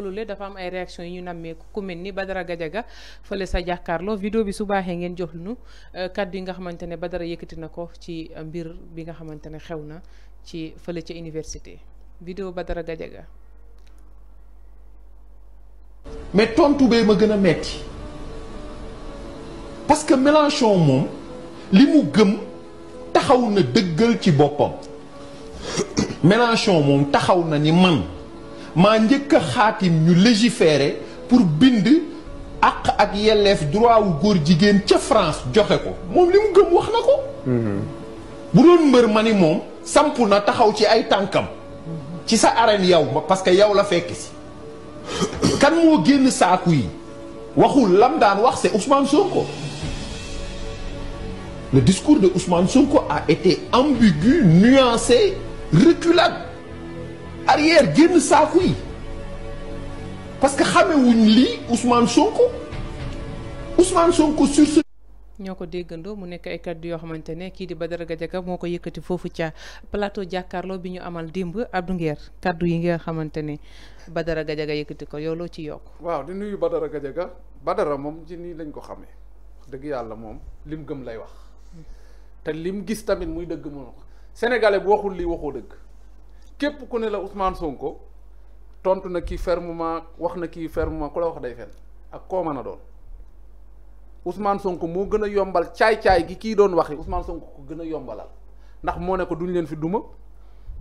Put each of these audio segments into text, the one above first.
loolu le dafa am ay réaction yi ñu nammeeku ku mel ni Badara gadjaga fele sa jakarlo vidéo bi suba hé ngeen jox nu euh, kàddu nga xamantene Badara yëkëti nako ci euh, mbir bi nga xamantene xewna ci fele ci université vidéo Badara gadjaga mais tontu bee ma gëna metti parce que Mélenchon mom limu gëm taxaw na deugël ci boppam Mélenchon mom taxaw na ni man je légiférer pour bind droits ak droit wu France joxé ko mom limu gëm wax ko mhm. bu doon mbeur ni que na taxaw ci ay tankam ci parce que la fekk kan mo génn yi waxul lam daan wax c'est Ousmane Sonko le discours de Ousmane Sonko a été ambigu nuancé reculé. arrière génn saaku yi parce que wuñ li Ousmane Sonko Ousmane Sonko sur ce ñoko ko mu nekk ay kaddu yo xamantene ne di Badara gajaga moko yëkëti fofu ci plateau jakarlo bi ñu amal dimb Abdou Nguer kaddu yi nga xamantene ne Badara gajaga yëkkati ko yow loo ci yok waaw di nuyu Badara gajaga Badara mom ci ni lañ ko xamé deug yalla mom lim gëm lay wax té lim gis tamit muy Sénégalais bu waxul li waxo deug képp ku ne la Ousmane Sonko tontu na ki fermement wax na ki fermement ku la wax day fen ak ko mën a doon Ousmane Sonko mo gën yombal chay chay gi ki doon waxi Ousmane Sonko ko gën yombalal ndax mo ne ko duñ leen fi duma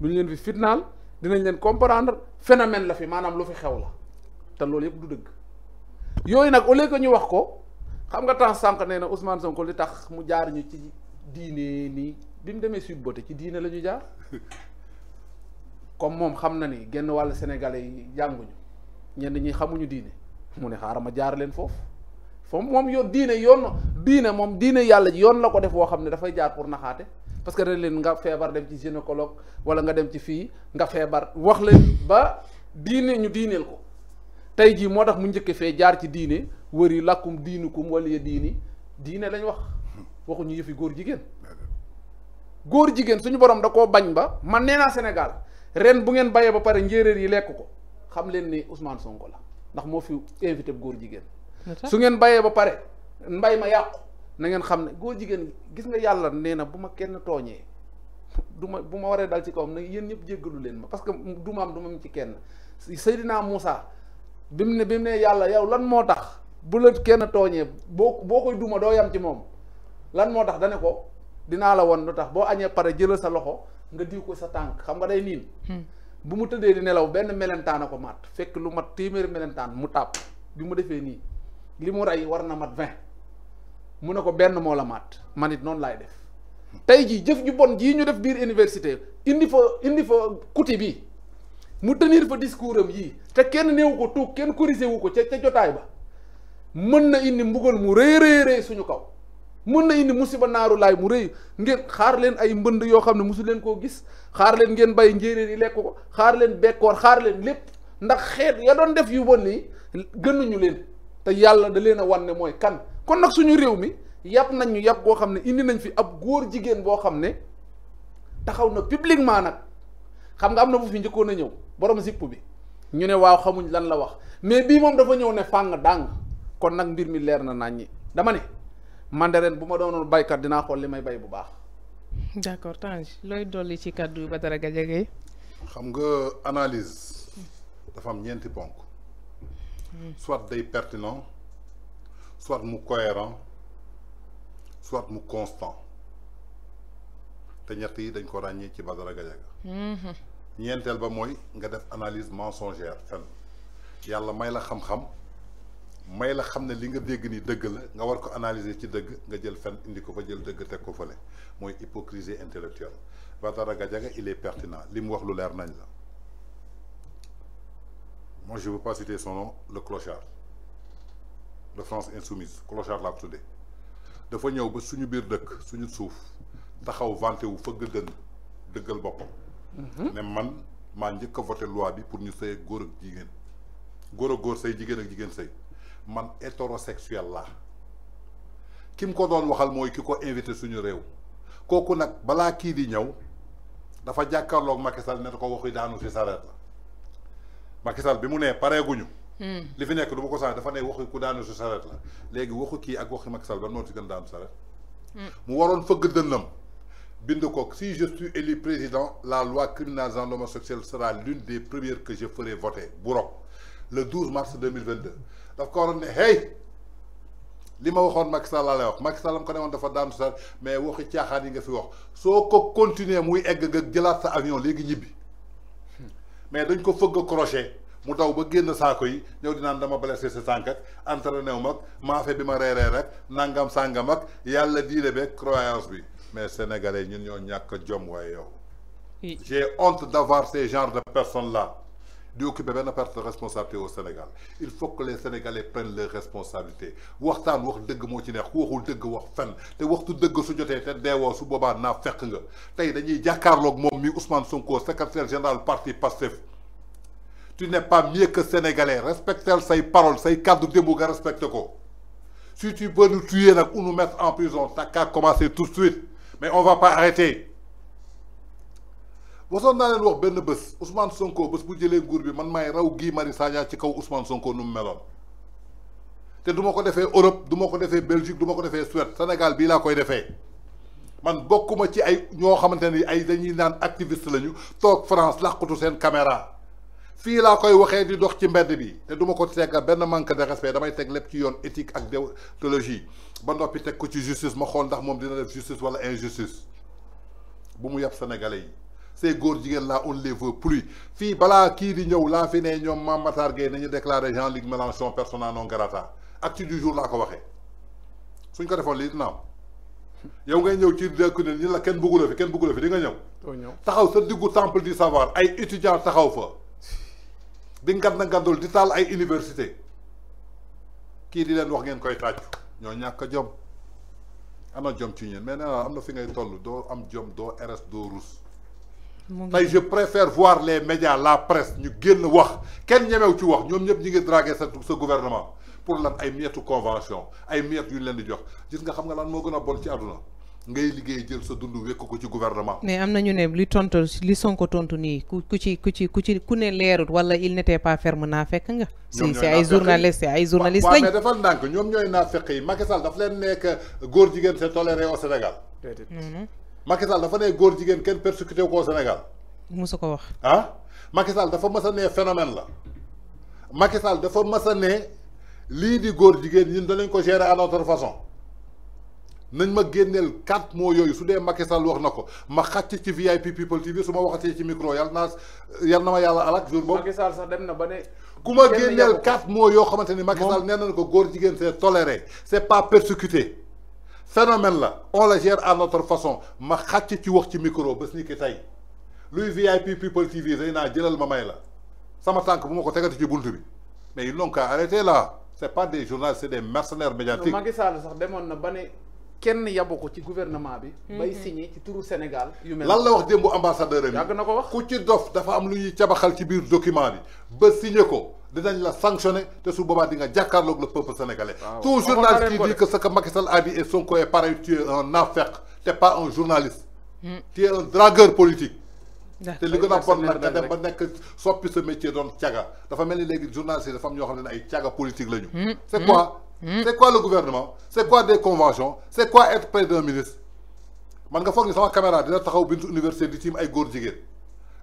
duñ leen fi fitnal dinañ leen comprendre phénomène la fi manam lu fi xew la te loolu yëpp du deug yoy nak au lieu ñu wax ko xam nga tan sank neena Ousmane Sonko li tax mu jaar ñu ci diine ni bi mu demee Beauté ci diiné la jaar. comme moom xam na ni genn wàll sénégalais yi jànguñu ñenn ñi xamuñu diine mu ne xaaral ma jaar leen foofu foofu moom yoon diine yoon diine moom diine yàlla yoon la ko def woo xam ne dafay jaar pour naxaate parce que dañ leen nga feebar dem ci gynécologue wala nga dem ci fii nga feebar wax leen ba diine ñu diineel ko tey jii moo tax mu njëkke fee jaar ci diine wër wëri làkkum diinukum wala ya diini diine lañ wax waxuñu yëfi góor jigéen góor jigéen suñu borom da koo bañ ba man nee naa ren bu ngeen bayee ba pare njéeréer yi lekk ko xam leen ni Ousmane Sonko la ndax moo fi invité góor jigéen su ngeen bayee ba pare mbay ma yàqu na ngeen xam ne góor jigéen gis nga yàlla nee na bu ma kenn tooñee duma bu ma waree dal ci kawam nag yéen ñëpp jéggalu leen ma parce que du am du ma ci kenn Seydina Moussa bi mu ne bi mu ne yàlla yow lan moo tax bu la kenn tooñee boo boo koy duma doo yam ci moom lan moo tax dane ko dinaa la woon lu tax boo añee pare jëlal sa loxo nga diw ko sa tànk xam nga day niin hmm. bu mu tëddee di nelaw benn melentaan a ko matt fekk lu mat téeméeri melentaan mu tàpp bi mu defee nii li mu rey war na mat vingt mu ne ko benn moo la mat man it noonu laay def tey jii jëf ju bon jii ñu def biir université indi fa indi fa kuti bi mu tenir fa discours am yii te kenn néew ko tuug kenn corrigé wu ko ca ca jotaay ba mën na indi mbugal mu rëy rëy rëy suñu kaw mun na indi musiba naaru laay mu rëy ngeen xaar leen ay mbënd yoo xam ne mosu leen koo gis xaar ngeen bay njéeréer yi lekk ko xaar leen bekkoor xaar leen lépp ndax xeet ya doon def yu bon nii gënuñu leen te yàlla da leen a wan ne mooy kan kon nag suñu réew mi yàpp nañ ñu yàpp boo xam ne indi nañ fi ab góor jigéen boo xam ne taxaw na publiquement nag xam nga am na bu njëkkoon a ñëw borom zipp bi ñu ne waaw xamuñ lan la wax mais bii moom dafa ñëw ne fàng dàng kon nag mbir mi leer na nañ ñi dama ne. man de ren bu ma baykat dina xol limay bay bu baax. d'accord accord loy looy dolli ci kàddu yu Badara Gadiaga xam nga analyse dafa am ñenti ponk soit day pertinent soit mu cohérent soit mu constant te ñett yi dañ ko ràññee ci Badara Gadiaga mhm. ñentel ba moy nga def analyse mensongère fen yalla may la xam-xam may la xam li nga dégg ni dëgg la nga war ko analyser ci dëgg nga jël fen indi ko fa jël dëgg teg ko fële mooy hypocrisie intellectuelle Badara Gadiaga il est pertinent lim wax lu leer nañ la moi je veux pas citer son nom le clochard de France insoumise clochard l'a ko tuddee dafa ñëw ba suñu biir dëkk suñu suuf taxaw vanté wu fëgg dënn dëggal bopam mhm. né man ma njëkk voter loi bi pour ñu sëy gor ak jigen gor ak góor sëy jigéen ak jigen sëy man hétérosexuel là. ki mu ko doon waxal mooy ki ko invité suñu réew kooku nak balaa kii di ñëw dafa jàkkaarloog Macky Sall ne ko waxi daanu fi sarata. la Macky Sall bi mu nee pareeguñu. Hmm. li fi nekk du ma ko sànni dafa ne waxi ku daanu si sareet la léegi waxu kii ak waxi Macky Sall ba noonu si gën daanu sareet hmm. mu waroon fëgg dënnam bind ko si je suis élu président la loi criminalisant l'homosexuel sera l'une des premières que je ferai voter bu le 12 mars 2022 daf ko waroon ne hey li ma waxoon Macky Sall lay wax Macky Sall ko ne woon dafa daanu sa mais waxi caaxaan yi nga fi wax soo ko continuer muy egg nga jëlaat sa avion léegi ñibbi mais dañ ko fëgg crochet mu daw ba génn saako yi ñëw di naan dama blessé sa tànk ak mag maafe bi ma reeree rek nangam sàngam ak yàlla diine beeg croyance bi mais sénégalais ñun ñoo ñàkk jom waaye yow. j'ai honte d'avoir ces genres de personnes là. d'occuper benn part de responsabilité au Sénégal il faut que les Sénégalais prennent leurs responsabilités waxtaan wax dëgg moo ci neex ku waxul dëgg wax fen te waxtu dëgg su jotee te deewoo su boobaa naa fekk nga tey dañuy jàkkaarloog moom mi Ousmane Sonko secrétaire général parti PASTEF tu n'es pas mieux que Sénégalais Respecte ses parole ses cadres démb respecte respecté ko si tu peux nous tuer ou nous mettre en prison ça qu'à commencer tout de suite mais on va pas arrêter wasoon naa leen wax benn bés Ousmane Sonko bés bu jëlee nguur bi man maay raw Guy Marius Sagna ci kaw Ousmane Sonko nu mu meloon te du ma ko defee Europe du ma ko defee Belgique du ma ko defee Suède Sénégal bii laa koy defee man bokkuma ci ay ñoo xamante ni ay dañuy naan activiste lañu toog France làqutu seen caméra fii laa koy waxee di dox ci mbedd bi te du ma ko teg benn manque de respect damay teg lépp ci yoon éthique ak déontologie ba noppi teg ko ci justice ma xool ndax moom dina def justice wala injustice bu mu yàpp sénégalais yi. ces góor là on les veut plus fi bala ki di ñew la fi ne ñom mamatar déclaré Jean-Luc Mélenchon persona non grata à du jour la ko waxé suñ ko defoon li dina yow ngay ñew ci dëkk ne ñi la kenn bëggu fi kenn bëggu fi di nga ñew taxaw sa diggu temple du savoir ay étudiants taxaw fa di ngat na di tal, ay université ki di leen wax ngeen koy ñoo a jom ana jom ci ñeen mais fi ngay tollu do am jom do, RS do, russe tey je préfère voir les médias la presse ñu génn wax kenn ñemew ci wax ñoom ñëpp ñi ngi draguer sa sa gouvernement pour lan ay mietu convention ay miet yu leen di jox gis nga xam nga lan moo gën a bon ci aduna ngay liggéey jël sa dund wekk ko ci gouvernement. mais am na ñu ne li tontu li Sonko tontu nii ku ku ci ku ci ku ci ku ne leerut wala il n'était pas ferme naa fekk nga. si si ay journalistes si ay journalistes lañ. mais defal ndànk ñoom ñooy naa fekk yi Macky Sall daf leen nekk góor jigéen c'est toléré au Sénégal. Macky Sall dafa né góor jigéen ken persécuté ko Sénégal. mosu ko wax ah. Macky Sall dafa mas a ne phénomène la Macky Sall dafa mas a ne lii di góor jigéen ñun danañ ko gérer à notre façon nañ ma génneel quatre mots yoyu su dé Macky Sall wax nako ma xàcc ci VIP people TV suma waxati ci micro yal naa yal na ma yàlla alak jour bob Macky Sall sax dem na ba né kuma ma génneel quatre mots yo xamanteni Macky Sall né nañ ko góor jigéen c'est toléré c'est pas persécuté phénomène la on la gère à notre façon ma xàcc ci wax ci micro bés ni ki tey luy VIP People TV dañ naa jëlal ma may la sama tànk bu ma ko tegati ci bunt bi mais ils n'ont qu'à arrêter là c'est pas des journalistes c'est des mercenaires médiatiques. Macky Sall sax demoon na ba ne kenn yabu ko ci gouvernement bi. Mhm. bay signé ci turu Sénégal. yu mel lan la wax démb ambassadeur am yàgg ku ci dof dafa am lu ñuy cabaxal ci biir document bi ba signé ko dinañ la sanctionner te su boobaa di nga jàkkaarloog le peuple sénégalais. tout journaliste qui dit que ce que Macky Sall a dit et Sonko est pareil tu es un Tu n'es pas un journaliste. Hmm. tu es un dragueur politique. Tu li gën le bon nag dem ba nek soppi ce métier don tiaga dafa famille ni journaliste yi dafa am ñoo ay politique hmm. c'est quoi hmm. c'est quoi le gouvernement c'est quoi des conventions c'est quoi être président d'un ministre man nga fogg ni sama caméra dina taxaw bintu université di tim ay gor